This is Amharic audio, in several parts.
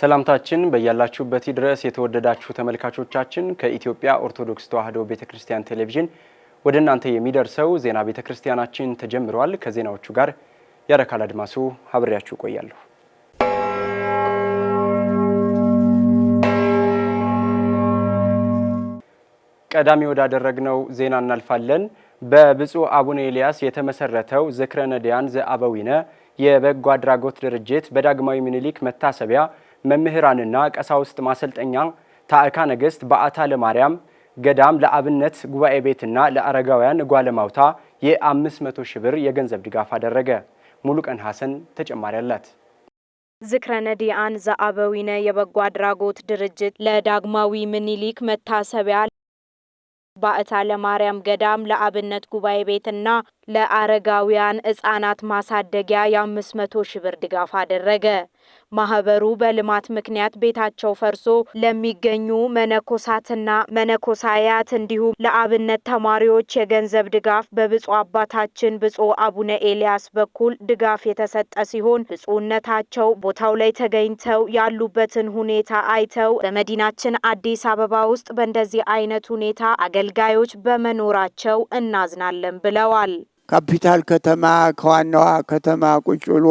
ሰላምታችን በያላችሁበት ድረስ የተወደዳችሁ ተመልካቾቻችን ከኢትዮጵያ ኦርቶዶክስ ተዋሕዶ ቤተ ክርስቲያን ቴሌቪዥን ወደ እናንተ የሚደርሰው ዜና ቤተ ክርስቲያናችን ተጀምረዋል። ከዜናዎቹ ጋር ያረካል አድማሱ አብሬያችሁ ቆያለሁ። ቀዳሚ ወዳደረግነው ዜና እናልፋለን። በብፁዕ አቡነ ኤልያስ የተመሰረተው ዝክረ ነዳያን ዘአበዊነ የበጎ አድራጎት ድርጅት በዳግማዊ ምኒልክ መታሰቢያ መምህራንና ቀሳውስት ማሰልጠኛ ታዕካ ነገሥት በአታ ለማርያም ገዳም ለአብነት ጉባኤ ቤትና ለአረጋውያን ጓለማውታ የ500 ሺህ ብር የገንዘብ ድጋፍ አደረገ። ሙሉቀን ሐሰን ተጨማሪ አላት። ዝክረ ነዲያን ዘአበዊነ የበጎ አድራጎት ድርጅት ለዳግማዊ ምኒሊክ መታሰቢያ በአታ ለማርያም ገዳም ለአብነት ጉባኤ ቤትና ለአረጋውያን ህጻናት ማሳደጊያ የአምስት መቶ ሺህ ብር ድጋፍ አደረገ። ማህበሩ በልማት ምክንያት ቤታቸው ፈርሶ ለሚገኙ መነኮሳትና መነኮሳያት እንዲሁም ለአብነት ተማሪዎች የገንዘብ ድጋፍ በብፁዕ አባታችን ብፁዕ አቡነ ኤልያስ በኩል ድጋፍ የተሰጠ ሲሆን ብፁዕነታቸው ቦታው ላይ ተገኝተው ያሉበትን ሁኔታ አይተው በመዲናችን አዲስ አበባ ውስጥ በእንደዚህ አይነት ሁኔታ አገልጋዮች በመኖራቸው እናዝናለን ብለዋል። ካፒታል ከተማ ከዋናዋ ከተማ ቁጭ ብሎ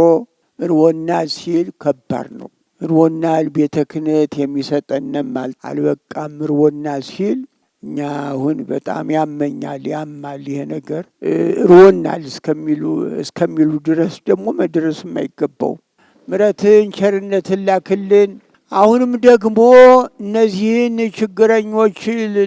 እርቦና ሲል ከባድ ነው። እርቦናል ቤተ ክህነት የሚሰጠንም አልበቃም። እርቦና ሲል እኛ አሁን በጣም ያመኛል፣ ያማል ይሄ ነገር እርቦናል እስከሚሉ እስከሚሉ ድረስ ደግሞ መድረስ አይገባው ምረትን ቸርነትን ላክልን። አሁንም ደግሞ እነዚህን ችግረኞች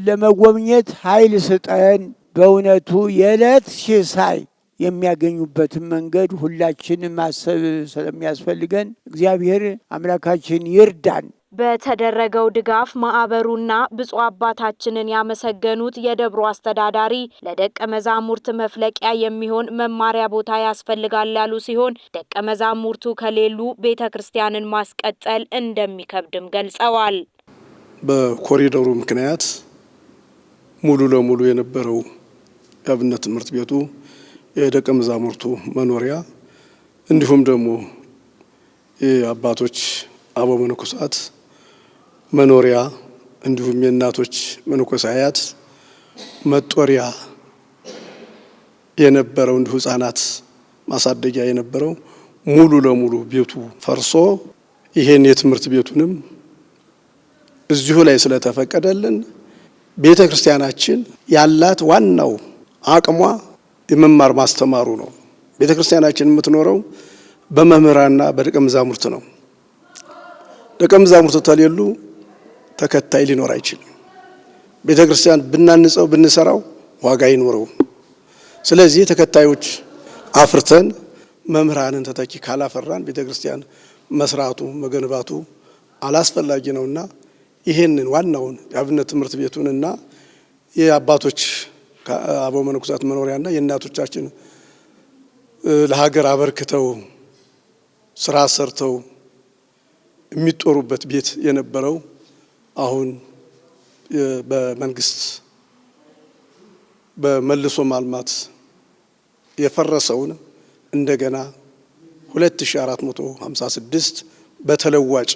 ለመጎብኘት ኃይል ስጠን። በእውነቱ የዕለት ሲሳይ የሚያገኙበትን መንገድ ሁላችን ማሰብ ስለሚያስፈልገን እግዚአብሔር አምላካችን ይርዳን። በተደረገው ድጋፍ ማዕበሩና ብፁዕ አባታችንን ያመሰገኑት የደብሮ አስተዳዳሪ ለደቀ መዛሙርት መፍለቂያ የሚሆን መማሪያ ቦታ ያስፈልጋል ያሉ ሲሆን ደቀ መዛሙርቱ ከሌሉ ቤተ ክርስቲያንን ማስቀጠል እንደሚከብድም ገልጸዋል። በኮሪደሩ ምክንያት ሙሉ ለሙሉ የነበረው የአብነት ትምህርት ቤቱ የደቀ መዛሙርቱ መኖሪያ እንዲሁም ደግሞ የአባቶች አበ መነኮሳት መኖሪያ እንዲሁም የእናቶች መነኮሳያት መጦሪያ የነበረው እንዲሁ ሕፃናት ማሳደጊያ የነበረው ሙሉ ለሙሉ ቤቱ ፈርሶ ይሄን የትምህርት ቤቱንም እዚሁ ላይ ስለተፈቀደልን ቤተ ክርስቲያናችን ያላት ዋናው አቅሟ የመማር ማስተማሩ ነው። ቤተ ክርስቲያናችን የምትኖረው በመምህራንና በደቀ መዛሙርት ነው። ደቀ መዛሙርት ተሌሉ ተከታይ ሊኖር አይችልም። ቤተ ክርስቲያን ብናንጸው ብንሰራው ዋጋ አይኖረውም። ስለዚህ ተከታዮች አፍርተን መምህራንን ተተኪ ካላፈራን ቤተ ክርስቲያን መስራቱ መገንባቱ አላስፈላጊ ነውና ይህንን ዋናውን የአብነት ትምህርት ቤቱንና የአባቶች አበው መነኮሳት መኖሪያና የእናቶቻችን ለሀገር አበርክተው ስራ ሰርተው የሚጦሩበት ቤት የነበረው አሁን በመንግስት በመልሶ ማልማት የፈረሰውን እንደገና 2456 በተለዋጭ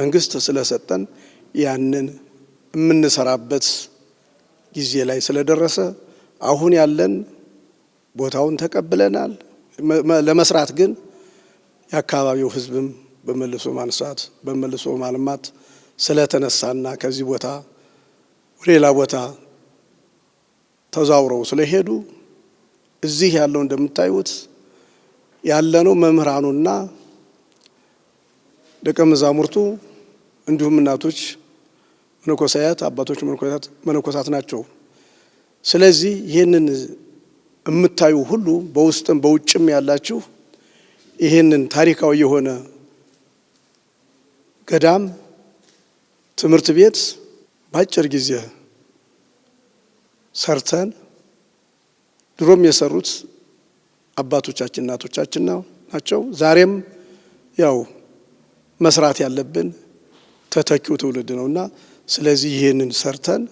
መንግስት ስለሰጠን ያንን የምንሰራበት ጊዜ ላይ ስለደረሰ አሁን ያለን ቦታውን ተቀብለናል። ለመስራት ግን የአካባቢው ህዝብም በመልሶ ማንሳት በመልሶ ማልማት ስለተነሳና ከዚህ ቦታ ወደ ሌላ ቦታ ተዛውረው ስለሄዱ እዚህ ያለው እንደምታዩት ያለነው መምህራኑና ደቀ መዛሙርቱ እንዲሁም እናቶች መነኮሳያት አባቶች መነኮሳት ናቸው። ስለዚህ ይህንን የምታዩ ሁሉ በውስጥም በውጭም ያላችሁ ይህንን ታሪካዊ የሆነ ገዳም፣ ትምህርት ቤት በአጭር ጊዜ ሰርተን ድሮም የሰሩት አባቶቻችን እናቶቻችን ናቸው። ዛሬም ያው መስራት ያለብን ተተኪው ትውልድ ነውና ስለዚህ ይህንን ሰርተን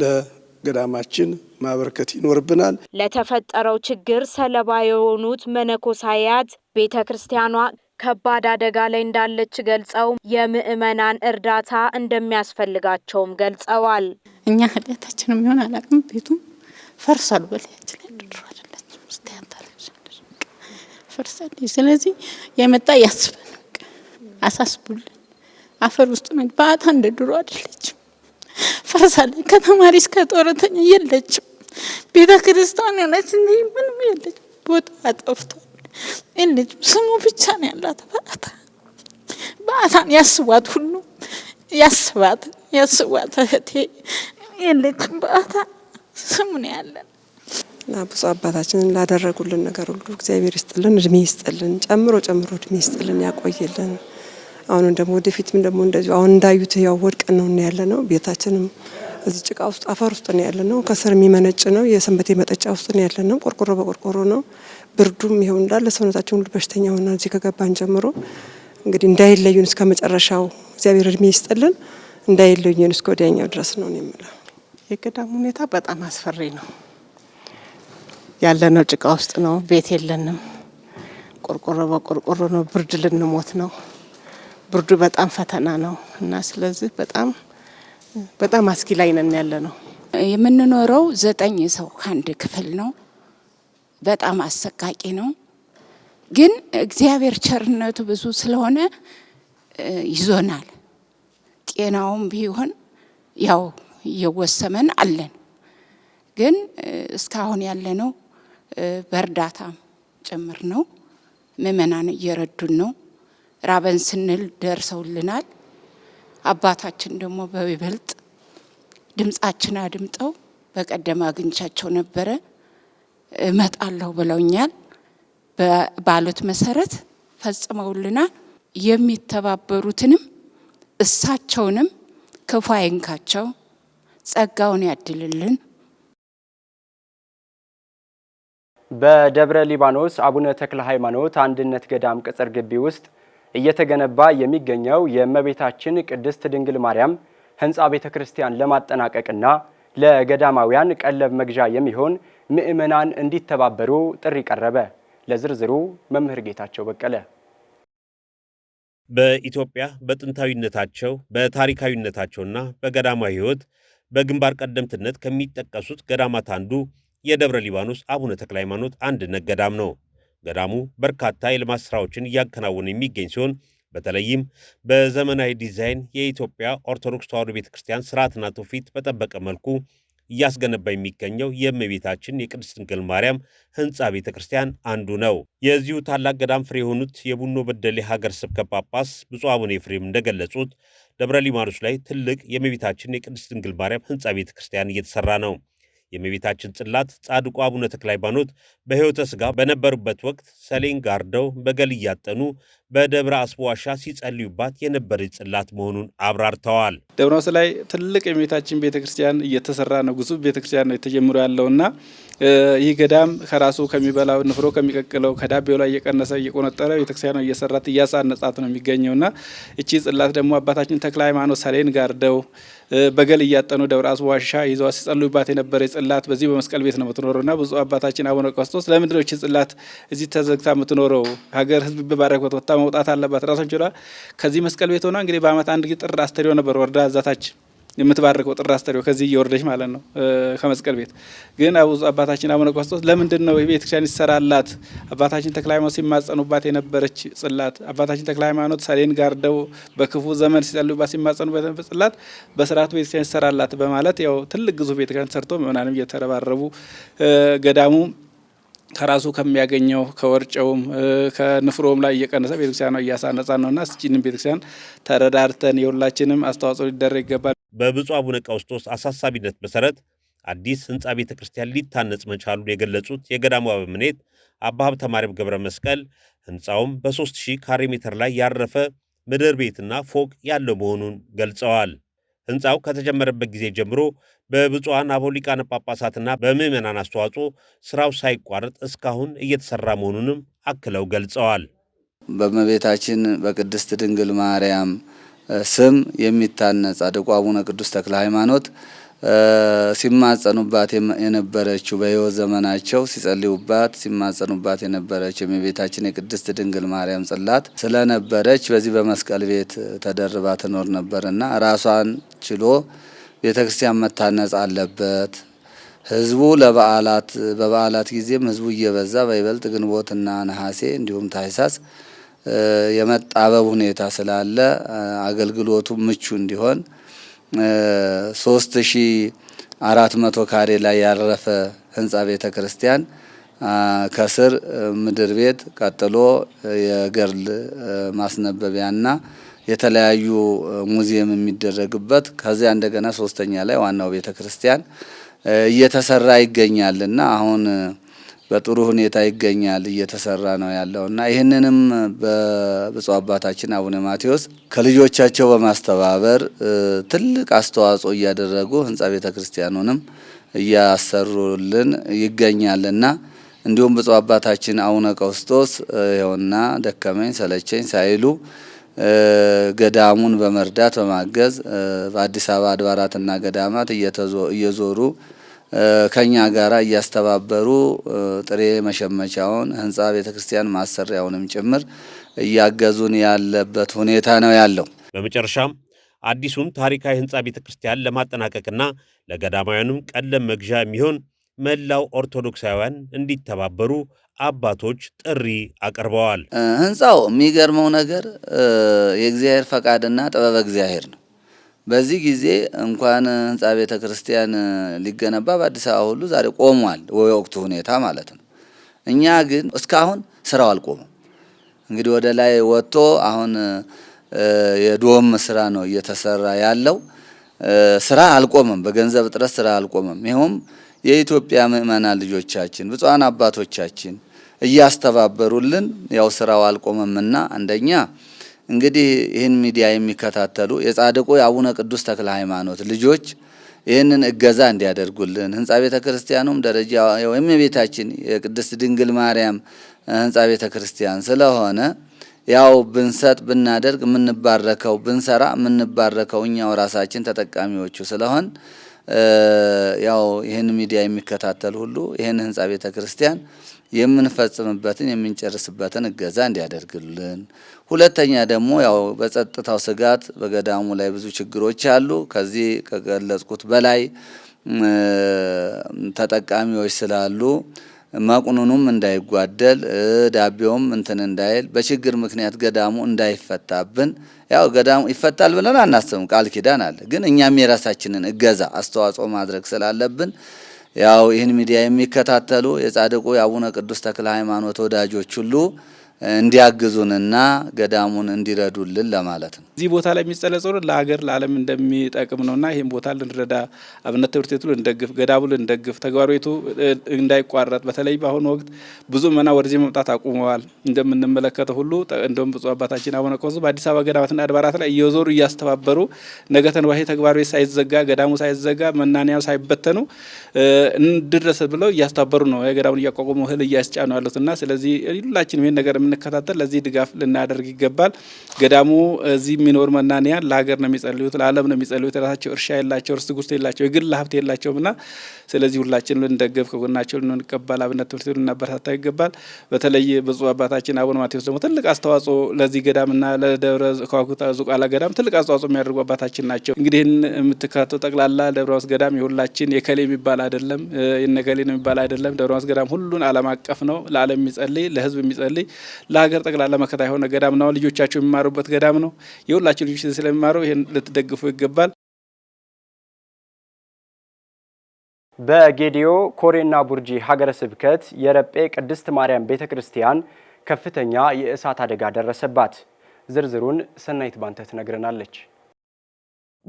ለገዳማችን ማበርከት ይኖርብናል። ለተፈጠረው ችግር ሰለባ የሆኑት መነኮሳያት ቤተ ክርስቲያኗ ከባድ አደጋ ላይ እንዳለች ገልጸው የምእመናን እርዳታ እንደሚያስፈልጋቸውም ገልጸዋል። እኛ ኃጢአታችን የሚሆን አላቅም። ቤቱም ፈርሷል። በላያችን ላይ ድሮ አይደለችም ፈርሳለች። ስለዚህ የመጣ ያስበን አሳስቡልን አፈር ውስጥ መግባት እንደ ድሮ አይደለችም፣ ፈርሳለች። ከተማሪ እስከ ጦረተኛ የለችም። ቤተ ክርስቲያን የሆነች እንጂ ምንም የለች። ቦታ ጠፍቷል። የለችም። ስሙ ብቻ ነው ያላት። በአታ በአታን ያስቧት፣ ሁሉ ያስባት፣ ያስቧት። እህቴ የለችም። በአታ ስሙ ነው ያለን እና ብፁዕ አባታችንን ላደረጉልን ነገር ሁሉ እግዚአብሔር ይስጥልን፣ እድሜ ይስጥልን፣ ጨምሮ ጨምሮ እድሜ ይስጥልን፣ ያቆይልን። አሁንም ደግሞ ወደፊትም ደግሞ እንደዚሁ አሁን እንዳዩት ያው ወድቀን ነው ያለ ነው። ቤታችንም እዚህ ጭቃ ውስጥ አፈር ውስጥ ነው ያለ ነው። ከስር የሚመነጭ ነው። የሰንበቴ መጠጫ ውስጥ ነው ያለ ነው። ቆርቆሮ በቆርቆሮ ነው። ብርዱም ይሄው እንዳለ ሰውነታችን ሁሉ በሽተኛ ሆና እዚህ ከገባን ጀምሮ እንግዲህ እንዳይለዩን እስከ መጨረሻው እግዚአብሔር እድሜ ይስጥልን። እንዳይለዩን እስከ ወዲያኛው ድረስ ነው ነው የምለው። የገዳሙ ሁኔታ በጣም አስፈሪ ነው። ያለነው ጭቃ ውስጥ ነው። ቤት የለንም። ቆርቆሮ በቆርቆሮ ነው። ብርድ ልንሞት ነው። ብርዱ በጣም ፈተና ነው እና ስለዚህ በጣም በጣም አስጊ ላይ ነን ያለ ነው። የምንኖረው ዘጠኝ ሰው ከአንድ ክፍል ነው። በጣም አሰቃቂ ነው። ግን እግዚአብሔር ቸርነቱ ብዙ ስለሆነ ይዞናል። ጤናውም ቢሆን ያው እየወሰመን አለን። ግን እስካሁን ያለነው በእርዳታ ጭምር ነው። ምእመናን እየረዱን ነው። ራበን ስንል ደርሰውልናል። አባታችን ደግሞ በይበልጥ ድምጻችን አድምጠው በቀደም አግኝቻቸው ነበረ። እመጣለሁ ብለውኛል። ባሉት መሰረት ፈጽመውልናል። የሚተባበሩትንም እሳቸውንም ክፉ አይንካቸው፣ ጸጋውን ያድልልን። በደብረ ሊባኖስ አቡነ ተክለ ሃይማኖት አንድነት ገዳም ቅጽር ግቢ ውስጥ እየተገነባ የሚገኘው የእመቤታችን ቅድስት ድንግል ማርያም ህንፃ ቤተ ክርስቲያን ለማጠናቀቅና ለገዳማውያን ቀለብ መግዣ የሚሆን ምእመናን እንዲተባበሩ ጥሪ ቀረበ። ለዝርዝሩ መምህር ጌታቸው በቀለ። በኢትዮጵያ በጥንታዊነታቸው በታሪካዊነታቸውና በገዳማዊ ሕይወት በግንባር ቀደምትነት ከሚጠቀሱት ገዳማት አንዱ የደብረ ሊባኖስ አቡነ ተክለ ሃይማኖት አንድነት ገዳም ነው። ገዳሙ በርካታ የልማት ስራዎችን እያከናወነ የሚገኝ ሲሆን በተለይም በዘመናዊ ዲዛይን የኢትዮጵያ ኦርቶዶክስ ተዋሕዶ ቤተ ክርስቲያን ስርዓትና ትውፊት በጠበቀ መልኩ እያስገነባ የሚገኘው የእመቤታችን የቅድስት ድንግል ማርያም ህንፃ ቤተ ክርስቲያን አንዱ ነው። የዚሁ ታላቅ ገዳም ፍሬ የሆኑት የቡኖ በደሌ ሀገር ስብከት ጳጳስ ብፁዕ አቡነ ኤፍሬም እንደገለጹት ደብረ ሊባኖስ ላይ ትልቅ የእመቤታችን የቅድስት ድንግል ማርያም ህንፃ ቤተ ክርስቲያን እየተሰራ ነው። የእመቤታችን ጽላት ጻድቁ አቡነ ተክለ ሃይማኖት በሕይወተ ሥጋ በነበሩበት ወቅት ሰሌን ጋርደው በገል እያጠኑ በደብረ አስቦ ዋሻ ሲጸልዩባት የነበረች ጽላት መሆኑን አብራርተዋል። ደብረ አስቦ ላይ ትልቅ የእመቤታችን ቤተክርስቲያን እየተሰራ ነው። ግዙፍ ቤተክርስቲያን ነው የተጀምሮ ያለውና ይህ ገዳም ከራሱ ከሚበላው ንፍሮ ከሚቀቅለው ከዳቤው ላይ እየቀነሰ እየቆነጠረ ቤተክርስቲያን ነው እየሰራት እያሳነጻት ነው የሚገኘውና እቺ ጽላት ደግሞ አባታችን ተክለ ሃይማኖት ሰሌን ጋርደው በገል እያጠኑ ደብረ አስቦ ዋሻ ይዘዋ ሲጸልዩባት የነበረ ጽላት በዚህ በመስቀል ቤት ነው የምትኖረውና ብፁዕ አባታችን አቡነ ቀውስጦስ ለምንድነው እቺ ጽላት እዚህ ተዘግታ የምትኖረው ሀገር ህዝብ በባረክ ወጥታ መውጣት አለባት ራሷን ችላ። ከዚህ መስቀል ቤት ሆና እንግዲህ በአመት አንድ ጊዜ ጥር አስተሪዮ ነበር ወርዳ እዛታች የምትባርከው ጥር አስተሪዮ ከዚህ እየወረደች ማለት ነው ከመስቀል ቤት ግን አቡ አባታችን አቡነ ቆስጦስ ለምንድን ነው ቤተ ክርስቲያን ይሰራላት? አባታችን ተክለ ሃይማኖት ሲማጸኑባት የነበረች ጽላት አባታችን ተክለ ሃይማኖት ሰሌን ጋርደው በክፉ ዘመን ሲጸልዩባት ሲማጸኑባት የነበረች ጽላት በስርዓቱ ቤተክርስቲያን ይሰራላት በማለት ያው ትልቅ ግዙፍ ቤተክርስቲያን ሰርቶ ምናንም እየተረባረቡ ገዳሙ ከራሱ ከሚያገኘው ከወርጨውም ከንፍሮም ላይ እየቀነሰ ቤተክርስቲያኗ እያሳነጻ እና ስችንም ቤተክርስቲያን ተረዳርተን የሁላችንም አስተዋጽኦ ሊደረግ ይገባል። በብፁዕ አቡነ ቀውስጦስ አሳሳቢነት መሰረት አዲስ ህንፃ ቤተ ክርስቲያን ሊታነጽ መቻሉን የገለጹት የገዳሙ አበምኔት አባ ሀብተ ማርያም ገብረ መስቀል ህንፃውም በ3000 ካሬ ሜትር ላይ ያረፈ ምድር ቤትና ፎቅ ያለው መሆኑን ገልጸዋል። ሕንፃው ከተጀመረበት ጊዜ ጀምሮ በብፁዓን አበው ሊቃነ ጳጳሳትና በምዕመናን አስተዋጽኦ ስራው ሳይቋረጥ እስካሁን እየተሰራ መሆኑንም አክለው ገልጸዋል። በእመቤታችን በቅድስት ድንግል ማርያም ስም የሚታነጽ ጻድቁ አቡነ ቅዱስ ተክለ ሃይማኖት ሲማጸኑባት የነበረችው በህይወት ዘመናቸው ሲጸልዩባት ሲማጸኑባት የነበረችው የእመቤታችን የቅድስት ድንግል ማርያም ጽላት ስለነበረች በዚህ በመስቀል ቤት ተደርባ ትኖር ነበርና ራሷን ችሎ ቤተ ክርስቲያን መታነጽ አለበት። ህዝቡ ለበዓላት በበዓላት ጊዜም ህዝቡ እየበዛ በይበልጥ ግንቦትና ነሐሴ እንዲሁም ታኅሳስ የመጣበብ ሁኔታ ስላለ አገልግሎቱ ምቹ እንዲሆን ሶስት ሺ አራት መቶ ካሬ ላይ ያረፈ ህንጻ ቤተ ክርስቲያን ከስር ምድር ቤት ቀጥሎ የገርል ማስነበቢያና የተለያዩ ሙዚየም የሚደረግበት ከዚያ እንደገና ሶስተኛ ላይ ዋናው ቤተ ክርስቲያን እየተሰራ ይገኛልና አሁን በጥሩ ሁኔታ ይገኛል እየተሰራ ነው ያለው እና ይህንንም በብፁ አባታችን አቡነ ማቴዎስ ከልጆቻቸው በማስተባበር ትልቅ አስተዋጽኦ እያደረጉ ህንፃ ቤተ ክርስቲያኑንም እያሰሩልን ይገኛልና እንዲሁም ብፁ አባታችን አቡነ ቀውስጦስ ይኸውና ደከመኝ ሰለቸኝ ሳይሉ ገዳሙን በመርዳት በማገዝ በአዲስ አበባ አድባራትና ገዳማት እየዞሩ ከኛ ጋራ እያስተባበሩ ጥሬ መሸመቻውን ህንፃ ቤተ ክርስቲያን ማሰሪያውንም ጭምር እያገዙን ያለበት ሁኔታ ነው ያለው። በመጨረሻም አዲሱን ታሪካዊ ህንፃ ቤተ ክርስቲያን ለማጠናቀቅና ለገዳማውያንም ቀለም መግዣ የሚሆን መላው ኦርቶዶክሳውያን እንዲተባበሩ አባቶች ጥሪ አቅርበዋል። ህንፃው የሚገርመው ነገር የእግዚአብሔር ፈቃድና ጥበበ እግዚአብሔር ነው። በዚህ ጊዜ እንኳን ህንፃ ቤተ ክርስቲያን ሊገነባ በአዲስ አበባ ሁሉ ዛሬ ቆሟል፣ ወቅቱ ሁኔታ ማለት ነው። እኛ ግን እስካሁን ስራው አልቆመም። እንግዲህ ወደ ላይ ወጥቶ አሁን የዶም ስራ ነው እየተሰራ ያለው። ስራ አልቆመም፣ በገንዘብ እጥረት ስራ አልቆመም። ይኸውም የኢትዮጵያ ምእመናን ልጆቻችን ብፁዓን አባቶቻችን እያስተባበሩልን ያው ስራው አልቆመምና አንደኛ እንግዲህ ይህን ሚዲያ የሚከታተሉ የጻድቁ የአቡነ ቅዱስ ተክለ ሃይማኖት ልጆች ይህንን እገዛ እንዲያደርጉልን ህንፃ ቤተ ክርስቲያኑም ደረጃ ወይም የቤታችን የቅድስት ድንግል ማርያም ህንፃ ቤተ ክርስቲያን ስለሆነ ያው ብንሰጥ ብናደርግ የምንባረከው ብንሰራ የምንባረከው እኛው ራሳችን ተጠቃሚዎቹ ስለሆን ያው ይህን ሚዲያ የሚከታተል ሁሉ ይህን ህንፃ ቤተ ክርስቲያን የምንፈጽምበትን የምንጨርስበትን እገዛ እንዲያደርግልን፣ ሁለተኛ ደግሞ ያው በጸጥታው ስጋት በገዳሙ ላይ ብዙ ችግሮች አሉ። ከዚህ ከገለጽኩት በላይ ተጠቃሚዎች ስላሉ መቁኑኑም እንዳይጓደል ዳቤውም እንትን እንዳይል በችግር ምክንያት ገዳሙ እንዳይፈታብን፣ ያው ገዳሙ ይፈታል ብለን አናስብም። ቃል ኪዳን አለ። ግን እኛም የራሳችንን እገዛ አስተዋጽኦ ማድረግ ስላለብን ያው ይህን ሚዲያ የሚከታተሉ የጻድቁ የአቡነ ቅዱስ ተክለ ሃይማኖት ወዳጆች ሁሉ እንዲያግዙንና ገዳሙን እንዲረዱልን ለማለት ነው። እዚህ ቦታ ላይ የሚጸለጸሩ ለሀገር ለዓለም እንደሚጠቅም ነውና ይህም ቦታ ልንረዳ አብነት ትምህርት ቤቱ ልንደግፍ፣ ገዳሙ ልንደግፍ፣ ተግባር ቤቱ እንዳይቋረጥ በተለይ በአሁኑ ወቅት ብዙ መና ወደዚህ መምጣት አቁመዋል። እንደምንመለከተው ሁሉ እንደውም ብፁዕ አባታችን አቡነ ቆሱ በአዲስ አበባ ገዳማትና አድባራት ላይ እየዞሩ እያስተባበሩ ነገ ተንባሄ ተግባር ቤት ሳይዘጋ ገዳሙ ሳይዘጋ መናንያው ሳይበተኑ እንድረስ ብለው እያስተባበሩ ነው። ገዳሙን እያቋቋሙ እህል እያስጫኑ ያሉትና ስለዚህ ሁላችንም ይህን ነገር ስለምንከታተል ለዚህ ድጋፍ ልናደርግ ይገባል። ገዳሙ እዚህ የሚኖር መናንያን ለሀገር ነው የሚጸልዩት፣ ለዓለም ነው የሚጸልዩት። የራሳቸው እርሻ የላቸው፣ እርስ ጉርስ የላቸው፣ የግል ሀብት የላቸውም ና ስለዚህ ሁላችን ልንደገብ ከጎናቸው ልንሆን ይገባል። አብነት ትምህርት ቤት ልናበረታታ ይገባል። በተለይ ብፁዕ አባታችን አቡነ ማቴዎስ ደግሞ ትልቅ አስተዋጽኦ ለዚህ ና ለደብረ ከዋክብት ዝቋላ ገዳም ትልቅ አስተዋጽኦ የሚያደርጉ አባታችን ናቸው። እንግዲህ የምትከታተው ጠቅላላ ደብረ ማርቆስ ገዳም የሁላችን የከሌ የሚባል አይደለም፣ የነገሌ ነው የሚባል አይደለም። ደብረ ማርቆስ ገዳም ሁሉን ዓለም አቀፍ ነው። ለዓለም የሚጸልይ ለህዝብ የሚጸልይ ለሀገር ጠቅላላ መከታ የሆነ ገዳም ነው። ልጆቻቸው የሚማሩበት ገዳም ነው። የሁላቸው ልጆች ስለሚማሩ ይህን ልትደግፉ ይገባል። በጌዲዮ ኮሬና ቡርጂ ሀገረ ስብከት የረጴ ቅድስት ማርያም ቤተ ክርስቲያን ከፍተኛ የእሳት አደጋ ደረሰባት። ዝርዝሩን ሰናይት ባንተ ትነግረናለች።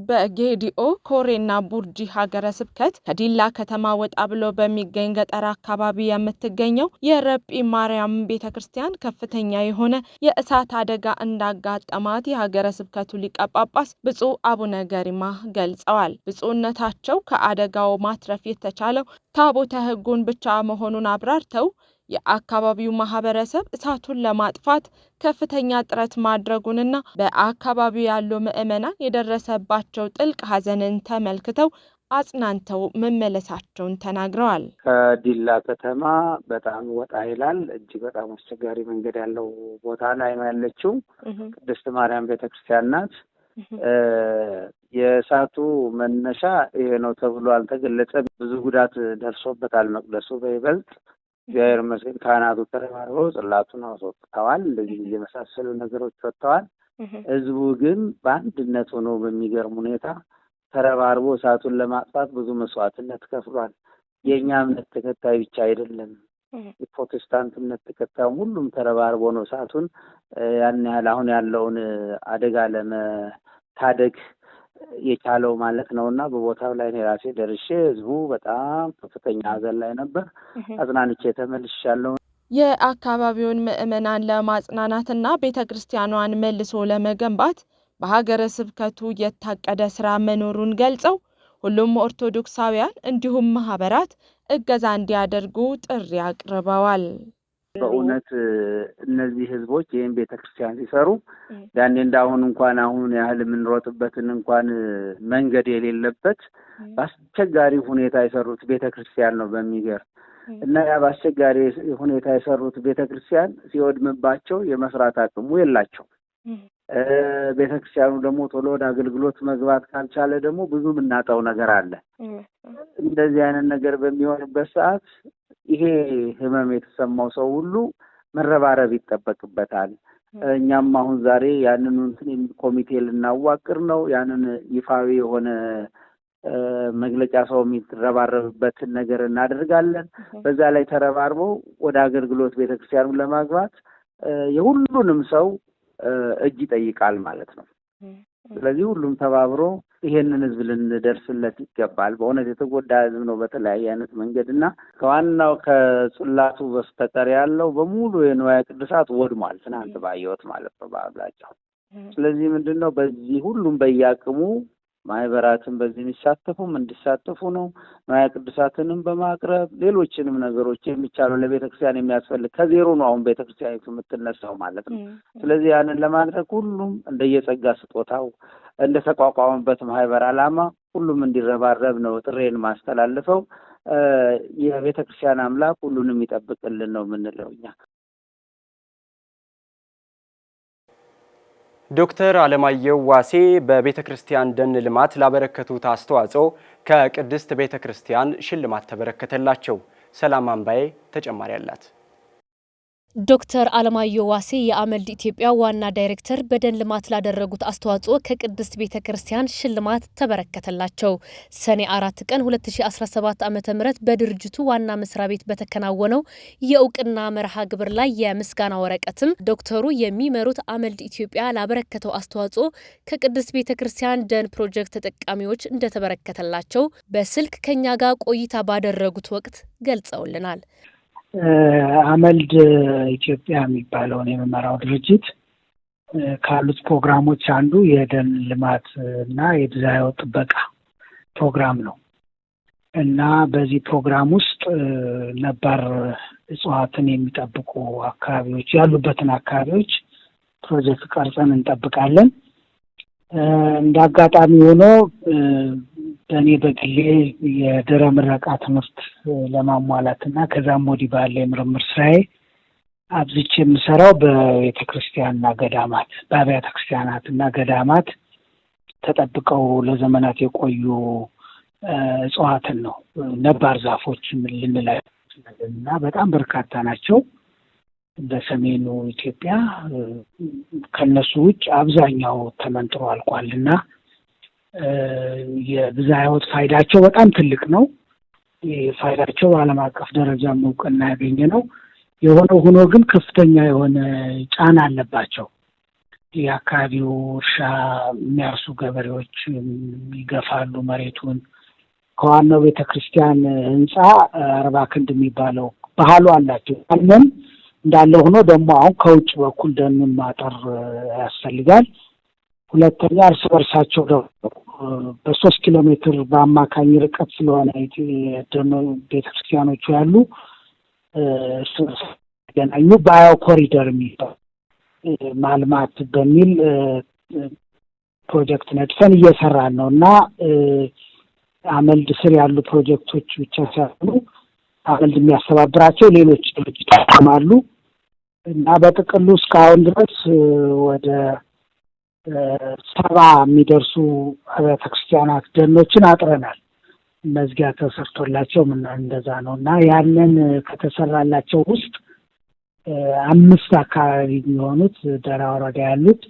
በጌዲኦ ኮሬና ቡርጂ ሀገረ ስብከት ከዲላ ከተማ ወጣ ብሎ በሚገኝ ገጠር አካባቢ የምትገኘው የረጲ ማርያም ቤተ ክርስቲያን ከፍተኛ የሆነ የእሳት አደጋ እንዳጋጠማት የሀገረ ስብከቱ ሊቀ ጳጳስ ብፁዕ አቡነ ገሪማ ገልጸዋል። ብፁዕነታቸው ከአደጋው ማትረፍ የተቻለው ታቦተ ሕጉን ብቻ መሆኑን አብራርተው የአካባቢው ማህበረሰብ እሳቱን ለማጥፋት ከፍተኛ ጥረት ማድረጉንና በአካባቢው ያሉ ምዕመናን የደረሰባቸው ጥልቅ ሐዘንን ተመልክተው አጽናንተው መመለሳቸውን ተናግረዋል። ከዲላ ከተማ በጣም ወጣ ይላል። እጅግ በጣም አስቸጋሪ መንገድ ያለው ቦታ ላይ ነው ያለችው ቅድስት ማርያም ቤተክርስቲያን ናት። የእሳቱ መነሻ ይሄ ነው ተብሎ አልተገለጸም። ብዙ ጉዳት ደርሶበታል መቅደሱ በይበልጥ እግዚአብሔር ይመስገን ካህናቱ ተረባርበው ጽላቱን አስወጥተዋል። እንደዚህ የመሳሰሉ ነገሮች ወጥተዋል። ህዝቡ ግን በአንድነት ሆኖ በሚገርም ሁኔታ ተረባርቦ እሳቱን ለማጥፋት ብዙ መስዋዕትነት ከፍሏል። የእኛ እምነት ተከታይ ብቻ አይደለም፣ የፕሮቴስታንት እምነት ተከታዩም ሁሉም ተረባርቦ ነው እሳቱን ያን ያህል አሁን ያለውን አደጋ ለመታደግ የቻለው ማለት ነው። እና በቦታው ላይ እኔ ራሴ ደርሼ ህዝቡ በጣም ከፍተኛ ሀዘን ላይ ነበር። አጽናንቼ ተመልሻለሁ። የአካባቢውን ምዕመናን ለማጽናናትና ቤተ ክርስቲያኗን መልሶ ለመገንባት በሀገረ ስብከቱ የታቀደ ስራ መኖሩን ገልጸው ሁሉም ኦርቶዶክሳውያን እንዲሁም ማህበራት እገዛ እንዲያደርጉ ጥሪ አቅርበዋል። በእውነት እነዚህ ህዝቦች ይህን ቤተክርስቲያን ሲሰሩ ያኔ እንዳሁን እንኳን አሁን ያህል የምንሮጥበትን እንኳን መንገድ የሌለበት በአስቸጋሪ ሁኔታ የሰሩት ቤተክርስቲያን ነው በሚገር እና ያ በአስቸጋሪ ሁኔታ የሰሩት ቤተክርስቲያን ሲወድምባቸው የመስራት አቅሙ የላቸው ቤተክርስቲያኑ ደግሞ ቶሎ ወደ አገልግሎት መግባት ካልቻለ ደግሞ ብዙ የምናጣው ነገር አለ። እንደዚህ አይነት ነገር በሚሆንበት ሰዓት ይሄ ህመም የተሰማው ሰው ሁሉ መረባረብ ይጠበቅበታል። እኛም አሁን ዛሬ ያንን እንትን ኮሚቴ ልናዋቅር ነው። ያንን ይፋዊ የሆነ መግለጫ ሰው የሚረባረብበትን ነገር እናደርጋለን። በዛ ላይ ተረባርበው ወደ አገልግሎት ቤተክርስቲያኑ ለማግባት የሁሉንም ሰው እጅ ይጠይቃል ማለት ነው። ስለዚህ ሁሉም ተባብሮ ይሄንን ህዝብ ልንደርስለት ይገባል። በእውነት የተጎዳ ህዝብ ነው በተለያየ አይነት መንገድ እና ከዋናው ከጽላቱ በስተቀር ያለው በሙሉ የንዋያ ቅዱሳት ወድሟል። ትናንት ባየሁት ማለት ነው በአብላጫው። ስለዚህ ምንድን ነው በዚህ ሁሉም በየአቅሙ ማህበራትን በዚህ የሚሳተፉም እንዲሳተፉ ነው። ንዋየ ቅዱሳትንም በማቅረብ ሌሎችንም ነገሮች የሚቻሉ ለቤተክርስቲያን የሚያስፈልግ ከዜሮ ነው አሁን ቤተ የምትነሳው ማለት ነው። ስለዚህ ያንን ለማድረግ ሁሉም እንደየጸጋ ስጦታው እንደ ተቋቋመበት ማህበር ዓላማ ሁሉም እንዲረባረብ ነው ጥሬን ማስተላልፈው። የቤተክርስቲያን አምላክ ሁሉንም ይጠብቅልን ነው የምንለው እኛ። ዶክተር አለማየሁ ዋሴ በቤተ ክርስቲያን ደን ልማት ላበረከቱት አስተዋጽኦ ከቅድስት ቤተ ክርስቲያን ሽልማት ተበረከተላቸው። ሰላም አምባዬ ተጨማሪ አላት። ዶክተር አለማየሁ ዋሴ የአመልድ ኢትዮጵያ ዋና ዳይሬክተር በደን ልማት ላደረጉት አስተዋጽኦ ከቅድስት ቤተ ክርስቲያን ሽልማት ተበረከተላቸው። ሰኔ አራት ቀን 2017 ዓ ም በድርጅቱ ዋና መስሪያ ቤት በተከናወነው የእውቅና መርሃ ግብር ላይ የምስጋና ወረቀትም ዶክተሩ የሚመሩት አመልድ ኢትዮጵያ ላበረከተው አስተዋጽኦ ከቅድስት ቤተ ክርስቲያን ደን ፕሮጀክት ተጠቃሚዎች እንደተበረከተላቸው በስልክ ከኛ ጋር ቆይታ ባደረጉት ወቅት ገልጸውልናል። አመልድ ኢትዮጵያ የሚባለውን የመመራው ድርጅት ካሉት ፕሮግራሞች አንዱ የደን ልማት እና የብዝሃ ጥበቃ ፕሮግራም ነው እና በዚህ ፕሮግራም ውስጥ ነባር እጽዋትን የሚጠብቁ አካባቢዎች ያሉበትን አካባቢዎች ፕሮጀክት ቀርጸን እንጠብቃለን። እንደ አጋጣሚ ሆኖ በእኔ በግሌ የድህረ ምረቃ ትምህርት ለማሟላት እና ከዛም ወዲህ ባለ የምርምር ስራዬ አብዝቼ የምሰራው በቤተ ክርስቲያንና ገዳማት በአብያተ ክርስቲያናት እና ገዳማት ተጠብቀው ለዘመናት የቆዩ እጽዋትን ነው። ነባር ዛፎች ልንላቸው እና በጣም በርካታ ናቸው። በሰሜኑ ኢትዮጵያ ከነሱ ውጭ አብዛኛው ተመንጥሮ አልቋል እና የብዝሃ ህይወት ፋይዳቸው በጣም ትልቅ ነው። ፋይዳቸው በዓለም አቀፍ ደረጃ እውቅና ያገኘ ነው። የሆነ ሆኖ ግን ከፍተኛ የሆነ ጫና አለባቸው። የአካባቢው እርሻ የሚያርሱ ገበሬዎች ይገፋሉ መሬቱን ከዋናው ቤተ ክርስቲያን ህንፃ አርባ ክንድ የሚባለው ባህሉ አላቸው። ያንን እንዳለ ሆኖ ደግሞ አሁን ከውጭ በኩል ደኑን ማጠር ያስፈልጋል። ሁለተኛ እርስ በርሳቸው ደግሞ በሶስት ኪሎ ሜትር በአማካኝ ርቀት ስለሆነ ደሞ ቤተክርስቲያኖቹ ያሉ እርስ በርስ ገናኙ ባዮ ኮሪደር የሚባል ማልማት በሚል ፕሮጀክት ነድፈን እየሰራን ነው እና አመልድ ስር ያሉ ፕሮጀክቶች ብቻ ሳይሆኑ አመልድ የሚያስተባብራቸው ሌሎች ድርጅቶች አሉ እና በጥቅሉ እስካሁን ድረስ ወደ ሰባ የሚደርሱ አብያተ ክርስቲያናት ደኖችን አጥረናል። መዝጊያ ተሰርቶላቸው ምና እንደዛ ነው እና ያንን ከተሰራላቸው ውስጥ አምስት አካባቢ የሚሆኑት ደራ ወረዳ ያሉት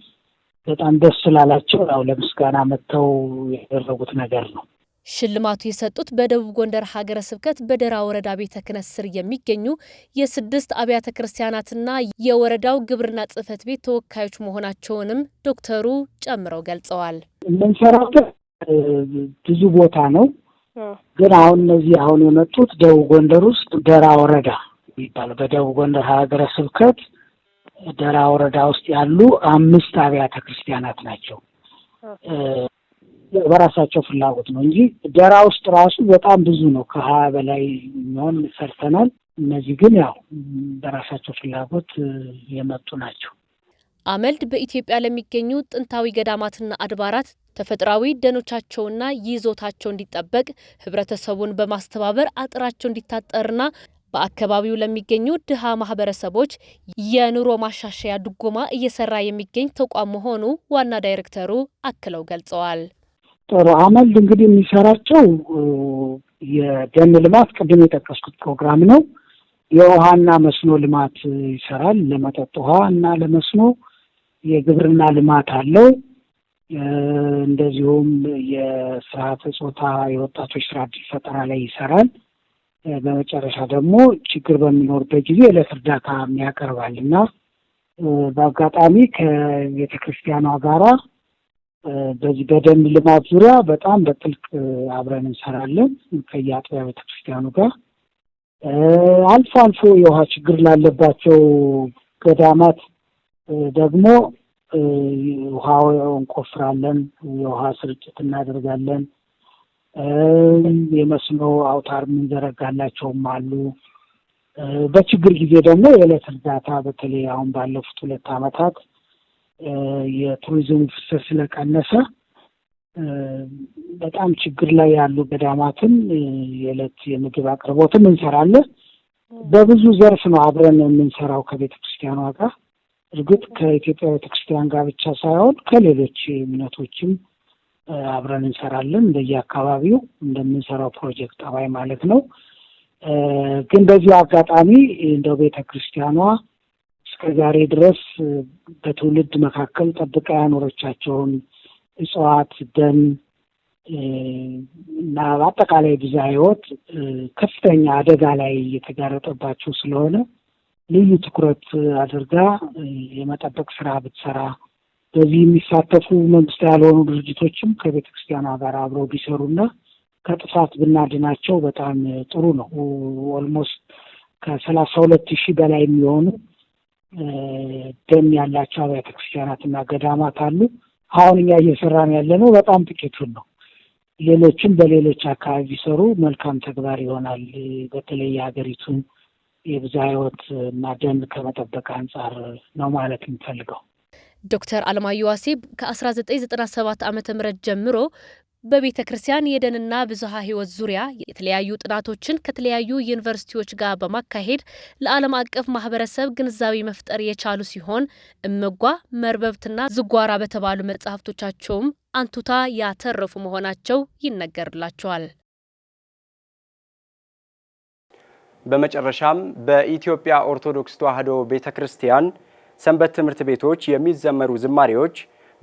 በጣም ደስ ስላላቸው ያው ለምስጋና መጥተው ያደረጉት ነገር ነው። ሽልማቱ የሰጡት በደቡብ ጎንደር ሀገረ ስብከት በደራ ወረዳ ቤተ ክህነት ስር የሚገኙ የስድስት አብያተ ክርስቲያናትና የወረዳው ግብርና ጽሕፈት ቤት ተወካዮች መሆናቸውንም ዶክተሩ ጨምረው ገልጸዋል። የምንሰራበት ብዙ ቦታ ነው። ግን አሁን እነዚህ አሁን የመጡት ደቡብ ጎንደር ውስጥ ደራ ወረዳ የሚባለው በደቡብ ጎንደር ሀገረ ስብከት ደራ ወረዳ ውስጥ ያሉ አምስት አብያተ ክርስቲያናት ናቸው። በራሳቸው ፍላጎት ነው እንጂ ደራ ውስጥ ራሱ በጣም ብዙ ነው። ከሀያ በላይ የሚሆን ሰርተናል። እነዚህ ግን ያው በራሳቸው ፍላጎት የመጡ ናቸው። አመልድ በኢትዮጵያ ለሚገኙ ጥንታዊ ገዳማትና አድባራት ተፈጥሯዊ ደኖቻቸውና ይዞታቸው እንዲጠበቅ ህብረተሰቡን በማስተባበር አጥራቸው እንዲታጠርና በአካባቢው ለሚገኙ ድሃ ማህበረሰቦች የኑሮ ማሻሻያ ድጎማ እየሰራ የሚገኝ ተቋም መሆኑ ዋና ዳይሬክተሩ አክለው ገልጸዋል። ጥሩ አመል እንግዲህ የሚሰራቸው የደን ልማት ቅድም የጠቀስኩት ፕሮግራም ነው። የውሃና መስኖ ልማት ይሰራል። ለመጠጥ ውሃ እና ለመስኖ የግብርና ልማት አለው። እንደዚሁም የስርዓተ ፆታ የወጣቶች ስራ እድል ፈጠራ ላይ ይሰራል። በመጨረሻ ደግሞ ችግር በሚኖርበት ጊዜ የዕለት እርዳታ ያቀርባል እና በአጋጣሚ ከቤተክርስቲያኗ ጋራ በዚህ በደን ልማት ዙሪያ በጣም በጥልቅ አብረን እንሰራለን ከየአጥቢያ ቤተክርስቲያኑ ጋር። አልፎ አልፎ የውሃ ችግር ላለባቸው ገዳማት ደግሞ ውሃ እንቆፍራለን፣ የውሃ ስርጭት እናደርጋለን። የመስኖ አውታር የምንዘረጋላቸውም አሉ። በችግር ጊዜ ደግሞ የዕለት እርዳታ በተለይ አሁን ባለፉት ሁለት ዓመታት የቱሪዝም ፍሰት ስለቀነሰ በጣም ችግር ላይ ያሉ ገዳማትን የዕለት የምግብ አቅርቦትም እንሰራለን። በብዙ ዘርፍ ነው አብረን የምንሰራው ከቤተ ክርስቲያኗ ጋር። እርግጥ ከኢትዮጵያ ቤተ ክርስቲያን ጋር ብቻ ሳይሆን ከሌሎች እምነቶችም አብረን እንሰራለን፣ እንደየአካባቢው እንደምንሰራው ፕሮጀክት አባይ ማለት ነው። ግን በዚህ አጋጣሚ እንደው ቤተ ክርስቲያኗ እስከ ዛሬ ድረስ በትውልድ መካከል ጠብቃ ያኖረቻቸውን እጽዋት፣ ደን እና በአጠቃላይ ብዝሃ ህይወት ከፍተኛ አደጋ ላይ እየተጋረጠባቸው ስለሆነ ልዩ ትኩረት አድርጋ የመጠበቅ ስራ ብትሰራ፣ በዚህ የሚሳተፉ መንግስት ያልሆኑ ድርጅቶችም ከቤተ ክርስቲያኗ ጋር አብረው ቢሰሩና ከጥፋት ብናድናቸው በጣም ጥሩ ነው። ኦልሞስት ከሰላሳ ሁለት ሺህ በላይ የሚሆኑ ደም ያላቸው አብያተ ክርስቲያናትና ገዳማት አሉ። አሁን እኛ እየሰራን ነው በጣም ጥቂቱን ነው። ሌሎችም በሌሎች አካባቢ ቢሰሩ መልካም ተግባር ይሆናል። በተለይ የሀገሪቱን የብዝሃ ሕይወት እና ደን ከመጠበቅ አንጻር ነው ማለት የምፈልገው። ዶክተር አለማየሁ ዋሴ ከ1997 ዓ ም ጀምሮ በቤተ ክርስቲያን የደንና ብዝሃ ህይወት ዙሪያ የተለያዩ ጥናቶችን ከተለያዩ ዩኒቨርሲቲዎች ጋር በማካሄድ ለዓለም አቀፍ ማህበረሰብ ግንዛቤ መፍጠር የቻሉ ሲሆን እመጓ፣ መርበብትና ዝጓራ በተባሉ መጽሐፍቶቻቸውም አንቱታ ያተረፉ መሆናቸው ይነገርላቸዋል። በመጨረሻም በኢትዮጵያ ኦርቶዶክስ ተዋሕዶ ቤተ ክርስቲያን ሰንበት ትምህርት ቤቶች የሚዘመሩ ዝማሬዎች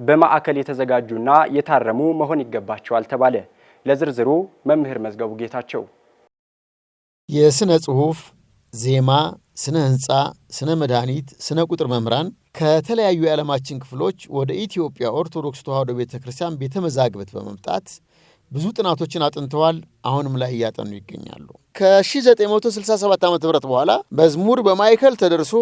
በማዕከል የተዘጋጁና የታረሙ መሆን ይገባቸዋል ተባለ። ለዝርዝሩ መምህር መዝገቡ ጌታቸው። የሥነ ጽሑፍ፣ ዜማ፣ ስነ ሕንፃ፣ ስነ መድኃኒት፣ ስነ ቁጥር መምህራን ከተለያዩ የዓለማችን ክፍሎች ወደ ኢትዮጵያ ኦርቶዶክስ ተዋሕዶ ቤተ ክርስቲያን ቤተ መዛግብት በመምጣት ብዙ ጥናቶችን አጥንተዋል። አሁንም ላይ እያጠኑ ይገኛሉ። ከ1967 ዓ ም በኋላ መዝሙር በማይከል ተደርሶ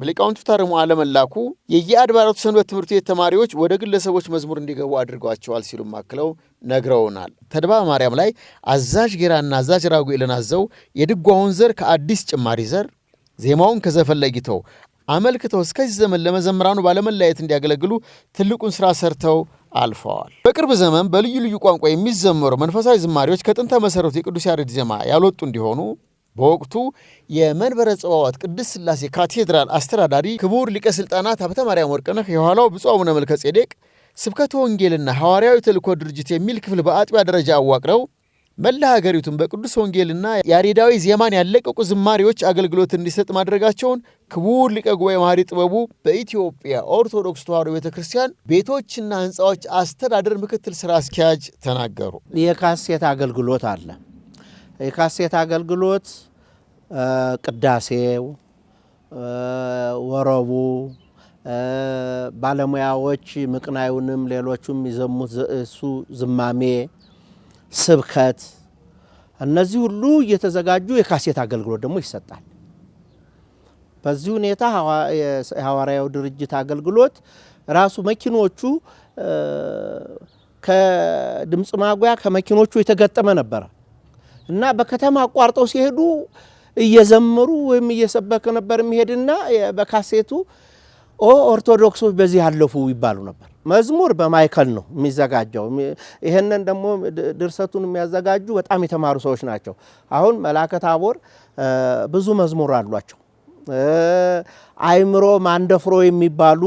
በሊቃውንቱ ታርሞ አለመላኩ የየአድባራቱ ሰንበት ትምህርት ቤት ተማሪዎች ወደ ግለሰቦች መዝሙር እንዲገቡ አድርገዋቸዋል ሲሉም አክለው ነግረውናል። ተድባ ማርያም ላይ አዛዥ ጌራና አዛዥ ራጉኤልን አዘው የድጓውን ዘር ከአዲስ ጭማሪ ዘር ዜማውን ከዘፈን አመልክተው እስከዚህ ዘመን ለመዘምራኑ ባለመለያየት እንዲያገለግሉ ትልቁን ስራ ሰርተው አልፈዋል። በቅርብ ዘመን በልዩ ልዩ ቋንቋ የሚዘመሩ መንፈሳዊ ዝማሬዎች ከጥንተ መሰረቱ የቅዱስ ያሬድ ዜማ ያልወጡ እንዲሆኑ በወቅቱ የመንበረ ጸባዖት ቅድስት ሥላሴ ካቴድራል አስተዳዳሪ ክቡር ሊቀ ሥልጣናት ሀብተ ማርያም ወርቅነህ የኋላው ብፁዕ አቡነ መልከ ጼዴቅ ስብከተ ወንጌልና ሐዋርያዊ ተልእኮ ድርጅት የሚል ክፍል በአጥቢያ ደረጃ አዋቅረው መላ ሀገሪቱን በቅዱስ ወንጌልና ያሬዳዊ ዜማን ያለቀቁ ዝማሬዎች አገልግሎት እንዲሰጥ ማድረጋቸውን ክቡር ሊቀ ጉባኤ መሐሪ ጥበቡ በኢትዮጵያ ኦርቶዶክስ ተዋሕዶ ቤተ ክርስቲያን ቤቶችና ሕንፃዎች አስተዳደር ምክትል ስራ አስኪያጅ ተናገሩ። የካሴት አገልግሎት አለ። የካሴት አገልግሎት ቅዳሴው፣ ወረቡ ባለሙያዎች ምቅናዩንም ሌሎቹም የሚዘሙት እሱ ዝማሜ፣ ስብከት እነዚህ ሁሉ እየተዘጋጁ የካሴት አገልግሎት ደግሞ ይሰጣል። በዚህ ሁኔታ የሐዋርያው ድርጅት አገልግሎት ራሱ መኪኖቹ ከድምፅ ማጉያ ከመኪኖቹ የተገጠመ ነበረ እና በከተማ አቋርጠው ሲሄዱ እየዘመሩ ወይም እየሰበከ ነበር የሚሄድና በካሴቱ ኦ ኦርቶዶክሶች በዚህ ያለፉ ይባሉ ነበር። መዝሙር በማይከል ነው የሚዘጋጀው። ይህንን ደግሞ ድርሰቱን የሚያዘጋጁ በጣም የተማሩ ሰዎች ናቸው። አሁን መላከ ታቦር ብዙ መዝሙር አሏቸው። አይምሮ ማንደፍሮ የሚባሉ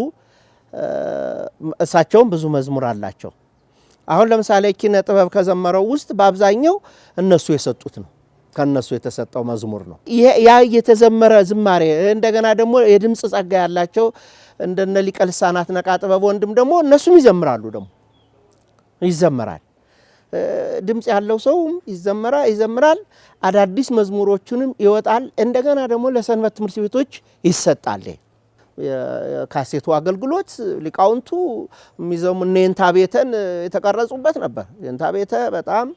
እሳቸውም ብዙ መዝሙር አላቸው። አሁን ለምሳሌ ኪነ ጥበብ ከዘመረው ውስጥ በአብዛኛው እነሱ የሰጡት ነው። ከነሱ የተሰጠው መዝሙር ነው። ያ የተዘመረ ዝማሬ እንደገና ደግሞ የድምፅ ጸጋ ያላቸው እንደነ ሊቀ ልሳናት ነቃ ጥበብ ወንድም ደግሞ እነሱም ይዘምራሉ። ደግሞ ይዘመራል። ድምፅ ያለው ሰውም ይዘመራ ይዘምራል። አዳዲስ መዝሙሮቹንም ይወጣል። እንደገና ደግሞ ለሰንበት ትምህርት ቤቶች ይሰጣል። የካሴቱ አገልግሎት ሊቃውንቱ የሚዘሙ እነ የንታ ቤተን የተቀረጹበት ነበር። የንታ ቤተ በጣም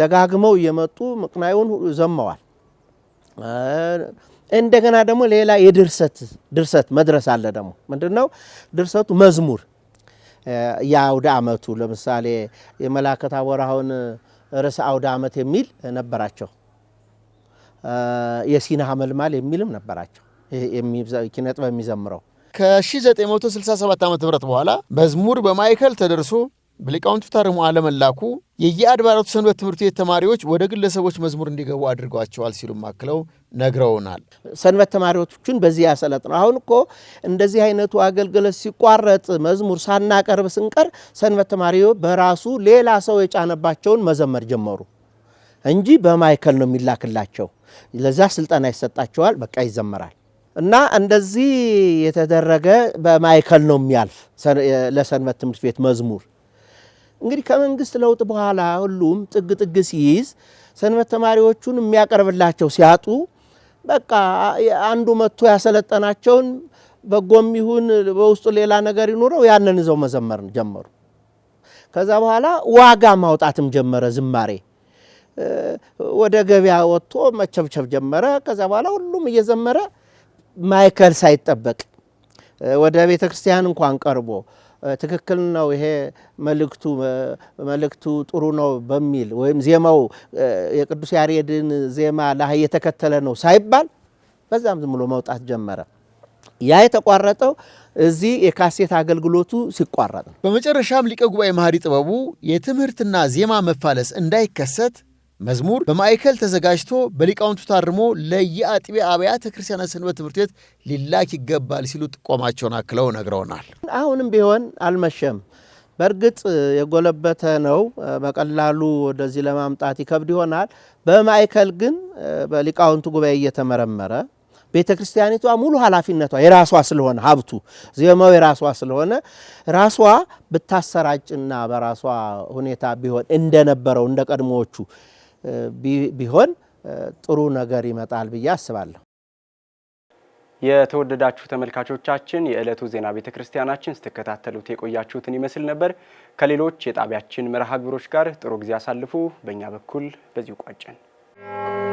ደጋግመው እየመጡ ምቅናዩን ዘመዋል። እንደገና ደግሞ ሌላ የድርሰት ድርሰት መድረስ አለ። ደግሞ ምንድን ነው ድርሰቱ? መዝሙር የአውደ አመቱ ለምሳሌ የመላከታ ታቦራውን ርዕሰ አውደ አመት የሚል ነበራቸው። የሲና ሐመልማል የሚልም ነበራቸው። ኪነ የሚዘምረው ከ1967 ዓ ም በኋላ መዝሙር በማይከል ተደርሶ በሊቃውንቱ ተርሞ አለመላኩ የየአድባራቱ ሰንበት ትምህርት ቤት ተማሪዎች ወደ ግለሰቦች መዝሙር እንዲገቡ አድርጓቸዋል ሲሉም አክለው ነግረውናል። ሰንበት ተማሪዎቹን በዚህ ያሰለጥነው። አሁን እኮ እንደዚህ አይነቱ አገልግሎት ሲቋረጥ መዝሙር ሳናቀርብ ስንቀር ሰንበት ተማሪዎች በራሱ ሌላ ሰው የጫነባቸውን መዘመር ጀመሩ እንጂ በማይከል ነው የሚላክላቸው። ለዛ ስልጠና ይሰጣቸዋል። በቃ ይዘመራል። እና እንደዚህ የተደረገ በማይከል ነው የሚያልፍ ለሰንበት ትምህርት ቤት መዝሙር እንግዲህ ከመንግስት ለውጥ በኋላ ሁሉም ጥግ ጥግ ሲይዝ ሰንበት ተማሪዎቹን የሚያቀርብላቸው ሲያጡ በቃ አንዱ መጥቶ ያሰለጠናቸውን በጎም ይሁን በውስጡ ሌላ ነገር ይኑረው ያንን ይዘው መዘመር ጀመሩ። ከዛ በኋላ ዋጋ ማውጣትም ጀመረ ዝማሬ ወደ ገበያ ወጥቶ መቸብቸብ ጀመረ። ከዛ በኋላ ሁሉም እየዘመረ ማይከል ሳይጠበቅ ወደ ቤተ ክርስቲያን እንኳን ቀርቦ ትክክል ነው ይሄ መልእክቱ መልእክቱ ጥሩ ነው በሚል ወይም ዜማው የቅዱስ ያሬድን ዜማ ላህ እየተከተለ ነው ሳይባል በዛም ዝም ብሎ መውጣት ጀመረ። ያ የተቋረጠው እዚህ የካሴት አገልግሎቱ ሲቋረጥ ነው። በመጨረሻም ሊቀ ጉባኤ መሐሪ ጥበቡ የትምህርትና ዜማ መፋለስ እንዳይከሰት መዝሙር በማዕከል ተዘጋጅቶ በሊቃውንቱ ታርሞ ለየአጥቢያ አብያተ ክርስቲያናት ሰንበት ትምህርት ቤት ሊላክ ይገባል ሲሉ ጥቆማቸውን አክለው ነግረውናል። አሁንም ቢሆን አልመሸም። በእርግጥ የጎለበተ ነው። በቀላሉ ወደዚህ ለማምጣት ይከብድ ይሆናል። በማዕከል ግን በሊቃውንቱ ጉባኤ እየተመረመረ ቤተ ክርስቲያኒቷ ሙሉ ኃላፊነቷ የራሷ ስለሆነ ሀብቱ ዜማው የራሷ ስለሆነ ራሷ ብታሰራጭና በራሷ ሁኔታ ቢሆን እንደነበረው እንደ ቀድሞዎቹ ቢሆን ጥሩ ነገር ይመጣል ብዬ አስባለሁ። የተወደዳችሁ ተመልካቾቻችን የዕለቱ ዜና ቤተ ክርስቲያናችን ስትከታተሉት የቆያችሁትን ይመስል ነበር። ከሌሎች የጣቢያችን መርሃ ግብሮች ጋር ጥሩ ጊዜ አሳልፉ። በእኛ በኩል በዚሁ ቋጨን።